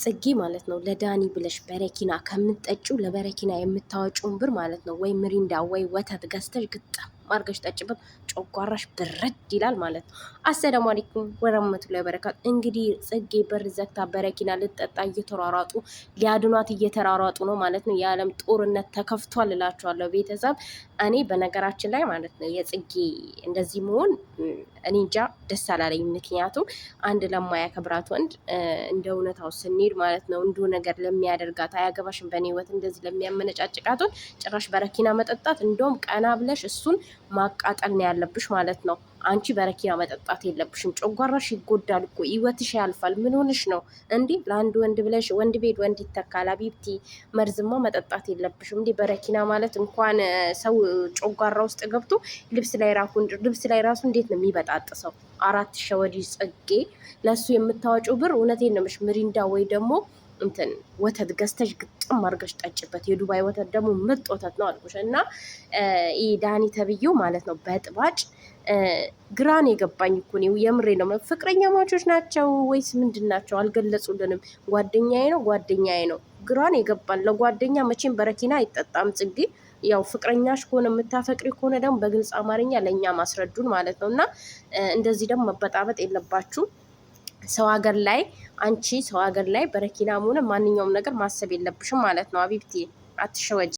ጽጌ ማለት ነው ለዳኒ ብለሽ በረኪና ከምትጠጪው ለበረኪና የምታወጪውን ብር ማለት ነው ወይ ምሪንዳ ወይ ወተት ገዝተሽ ግጥም አድርገሽ ጠጭበት፣ ጨጓራሽ ብረድ ይላል ማለት ነው። አሰላሙ አለይኩም ወረመቱላ በረካት። እንግዲህ ጽጌ በር ዘግታ በረኪና ልጠጣ እየተሯሯጡ ሊያድኗት እየተሯሯጡ ነው ማለት ነው። የዓለም ጦርነት ተከፍቷል እላችኋለሁ ቤተሰብ። እኔ በነገራችን ላይ ማለት ነው የጽጌ እንደዚህ መሆን እኔ እንጃ ደስ አላለኝ። ምክንያቱም አንድ ለማያከብራት ወንድ እንደ እውነታው ስንሄድ ማለት ነው እንዱ ነገር ለሚያደርጋት አያገባሽም በእኔ ህይወት እንደዚህ ለሚያመነጫጭቃት ጭራሽ በረኪና መጠጣት እንደውም ቀና ብለሽ እሱን ማቃጠል ነው ያለብሽ ማለት ነው። አንቺ በረኪና መጠጣት የለብሽም። ጨጓራሽ ይጎዳል እኮ ህይወትሽ ያልፋል። ምን ሆነሽ ነው እንዲህ ለአንድ ወንድ ብለሽ ወንድ ቤት ወንድ ይተካል። አቢብቲ መርዝማ መጠጣት የለብሽም። እንዲህ በረኪና ማለት እንኳን ሰው ጨጓራ ውስጥ ገብቶ ልብስ ላይ ራሱ ልብስ ላይ ራሱ እንዴት ነው የሚበጣጥሰው? አራት ሸወዲ ጽጌ ለእሱ የምታወጪው ብር እውነቴን ነው የምልሽ ወይ ደግሞ እንትን ወተት ገዝተሽ ግጥም አድርገሽ ጠጭበት። የዱባይ ወተት ደግሞ ምርጥ ወተት ነው አልኩሽ። እና ይህ ዳኒ ተብዬው ማለት ነው በጥባጭ ግራን የገባኝ እኮ እኔ የምሬ ነው። ፍቅረኛ ማቾች ናቸው ወይስ ምንድን ናቸው? አልገለጹልንም። ጓደኛዬ ነው ጓደኛዬ ነው ግራን የገባን ለጓደኛ መቼም በረኪና አይጠጣም። ጽጌ ያው ፍቅረኛሽ ከሆነ የምታፈቅሪ ከሆነ ደግሞ በግልጽ አማርኛ ለእኛ ማስረዱን ማለት ነው። እና እንደዚህ ደግሞ መበጣበጥ የለባችሁ ሰው ሀገር ላይ አንቺ ሰው ሀገር ላይ በረኪናም ሆነ ማንኛውም ነገር ማሰብ የለብሽም ማለት ነው። አቢብቴ አትሸወጅ።